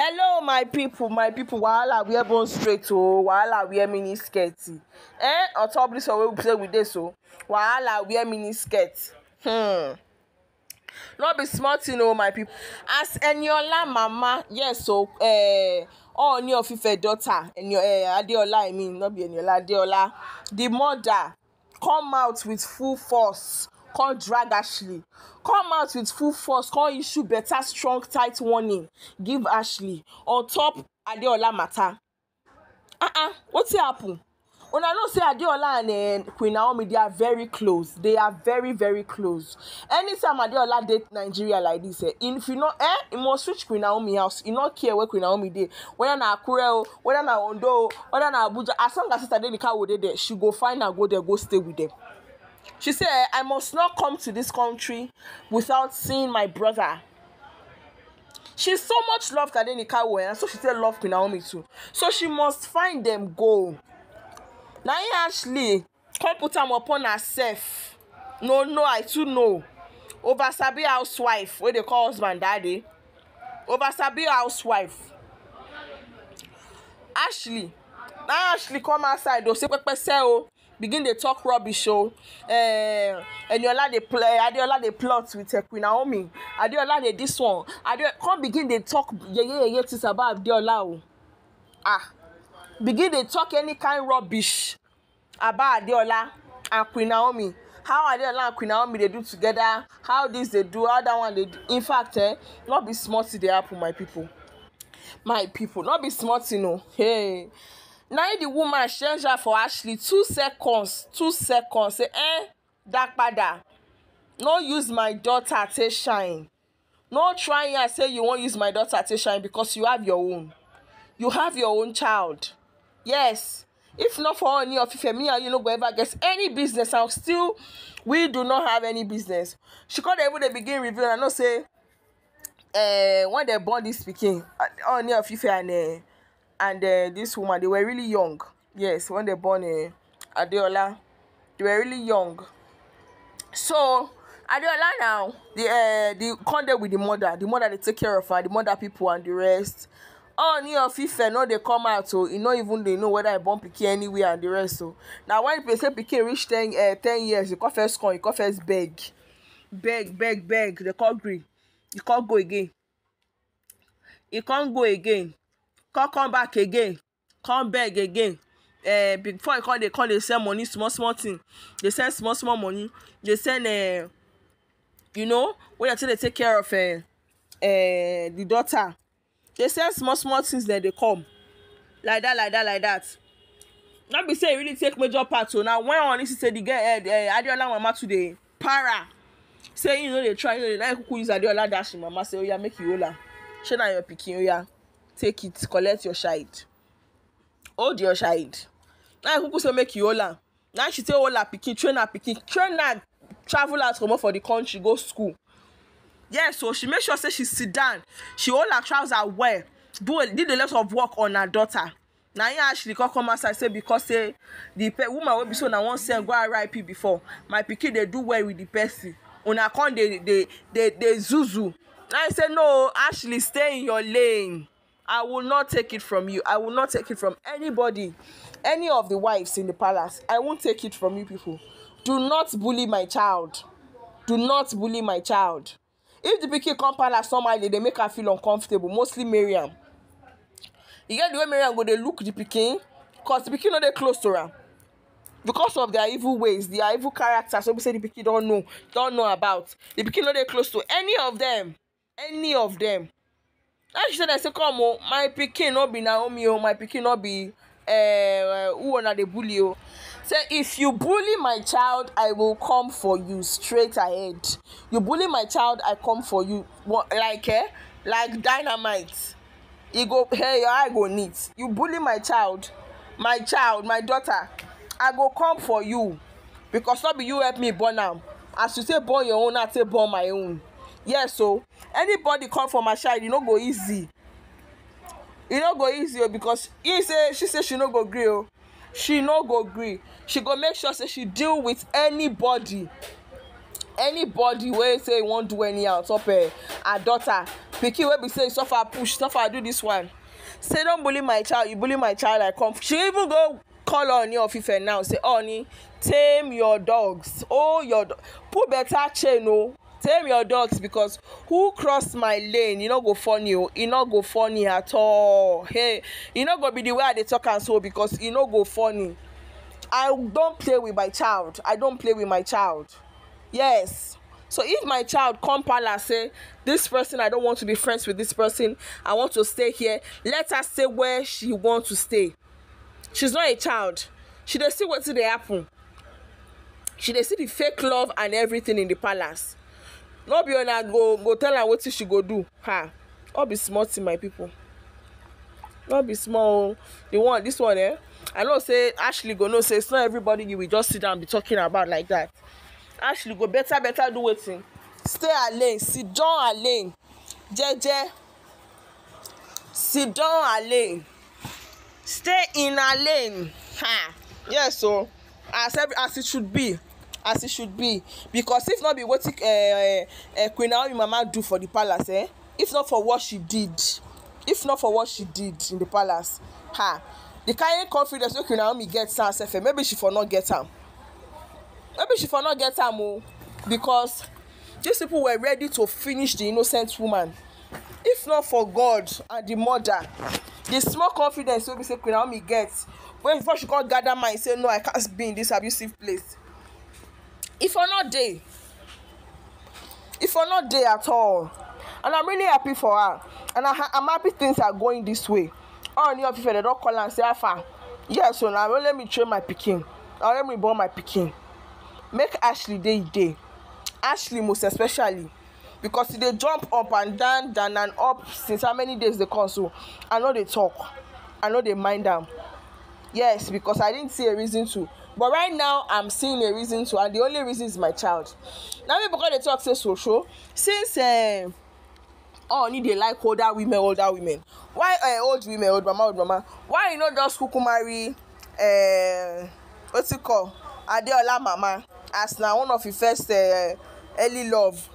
hello my people my people wahala wear bone straight o wahala wear mini skirt eh on top this one wey we play with dey so wahala wear mini skirt hmm no be small thing o my people as eniola mama yes o eh Ooni oh, of Ife daughter enio eh adeola i mean no be eniola adeola the mother come out with full force come drag ashley come out with full force come issue better strong tight warning give ashley on top adeola matter uh-uh wetin happen una know say adeola and uh, queen naomi they are very close they are very very close anytime adeola dey nigeria like this eh if you know eh e must switch queen naomi house e no care where queen naomi dey whether na akure o whether na ondo o whether na abuja as long as sister dey the car dey there she go find her go there go stay with them She said, I must not come to this country without seeing my brother. She so much loved Adenika well, and so she still loved Queen Naomi too. So she must find them Go now, Ashley come put them upon herself. No, no, I too know. Over Sabi housewife, Where they call husband daddy. Over Sabi housewife. Ashley, now Ashley come outside o, say pepe begin dey talk rubbish o eh, eniola dey play eh, adeola dey plot with uh, queen naomi adeola dey this one adeola come begin dey talk yeye yeye things about adeola o ah begin dey talk any kind rubbish about adeola and queen naomi how adeola and queen naomi dey do together how this dey do how that one dey do in fact eh no be small thing dey happen my people my people no be small thing o hey na the woman change her for ashley two seconds two seconds say eh dá padà no use my daughter take shine no try yarn say you wan use my daughter take shine because you have your own you have your own child yes if not for Ooni of Ife me and you no go ever get any business and still we do not have any business she come dey even dey begin reveal i know say uh, when dem born dis pikin Ooni of Ife and uh, and uh, this woman they were really young yes when they born uh, adeola they were really young so adeola now the uh, eh, they come with the mother the mother they take care of her the mother people and the rest Ooni oh, of fifa, no they come out So, you know, even they know whether I born pikin anywhere and the rest So oh. now, when e say pikin reach ten uh, ten years e come first come e come first beg beg beg beg dey come green. e can't go again e can't go again come come back again come beg again uh, before e come dey come dey send money small small thing dey send small small money dey send uh, you know when your take dey take care of uh, uh, the daughter dey send small small things dem dey come like that like that like that no be say e really take major part o oh. na when honestly say the girl head eh, adeola mama too dey para say you no know, dey try you no know, dey like kuku use adeola dash im mama say oya oh, make you hold am shey na your pikin oya. Oh, take it collect your child hold your child na i kuku say make you hold am na she say hold her pikin train her pikin train her travel out comot for the country go school yes so she make sure say she sit down she hold her trouser well do a did a lot of work on her daughter na him ashley come come outside say because say the woman wey be so na wan send go rip before my pikin dey do well with the person una come dey dey dey dey zuzu na him say no ashley stay in your lane I will not take it from you. I will not take it from anybody, any of the wives in the palace. I won't take it from you people. Do not bully my child. Do not bully my child. If the pikin come palace normally, they make her feel uncomfortable, mostly Miriam. You get the way Miriam go, they look the pikin, because the pikin not they close to her, because of their evil ways their evil characters So we say the pikin don't know don't know about the pikin Not they close to any of them any of them na she say dem say come o my pikin no be naomi o oh, my pikin no be uh, who una dey bully o oh. say if you bully my child i will come for you straight ahead you bully my child i come for you like eh like dynamite e go hey your eye go neat you bully my child my child my daughter i go come for you because no be you help me born am as you say born your own i take born my own yes o anybody come for my child You no go easy You no go easy oh, because he say she say she no go gree oh, she no go gree she go make sure say she deal with anybody anybody wey say e wan do anyhow top her her daughter pikin wey be say suffer push suffer do this one say don bully my child you bully my child i come she even go call Ooni of Ife now say Ooni tame your dogs oh your do put better chain o oh tame your dogs because who cross my lane e no go funny o oh. e no go funny at all hey e no go be the way i dey talk am so because e no go funny i don play with my child i don play with my child yes so if my child come palace say this person i don want to be friends with this person i want to stay here let her stay where she want to stay she's not a child she dey see wetin dey happen she dey see the fake love and everything in the palace no be una go go tell am wetin she go do ha all be small thing my people no be small o the one this one eh i know say ashley go know say it's not everybody you will just sit down and be talking about like that ashley go better better do wetin stay her lane sit down her lane jeje sit down her lane stay in her lane ha yes o oh. so, as every as it should be as it should be because if not be wetin uh, uh, eh, eh, queen naomi mama do for the palace eh if not for what she did if not for what she did in the palace ha the kind confidence wey queen naomi get now sef eh maybe she for not get am maybe she for not get am o oh, because these people were ready to finish the innocent woman if not for god and the mother the small confidence wey be say queen naomi get when before she come gather mind say no i can't be in this abusive place If for not dey if for not dey at all and i'm really happy for her and I, i'm happy things are going this way All new people they don't call and say afa yes so now let me train my picking. na let me born my picking. make ashley day day. ashley most especially because they e jump up and down down and up since how many days they come so i know they talk i know they mind them. yes because i didn't see a reason to but right now i'm seeing a reason to and the only reason is my child na me because dey talk say soso since uh, eh, Ooni oh, dey like older women older women why uh, old women old mama old mama why you no just kuku marry uh, eh, wetin you call adeola mama as na one of your first uh, early love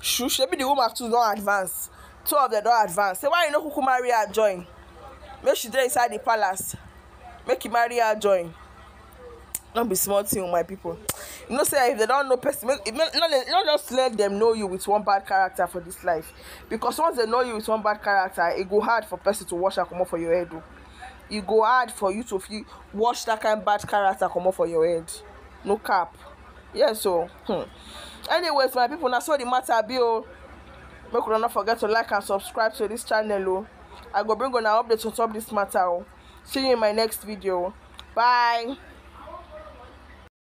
shu shebi the woman too don advance two of them don advance say why you no kuku marry her join make she dey inside the palace make you marry her join not be small thing with my people you know say if they don't know person make, make not, not just let them know you with one bad character for this life because once they know you with one bad character it go hard for person to wash and comot for your head o go hard for you to feel wash that kind bad character come comot for your head no cap yes o hmm. anyways my people now so the matter be oh. make una no forget to like and subscribe to this channel oh. i go bring una update on top this matter oh. see you in my next video bye.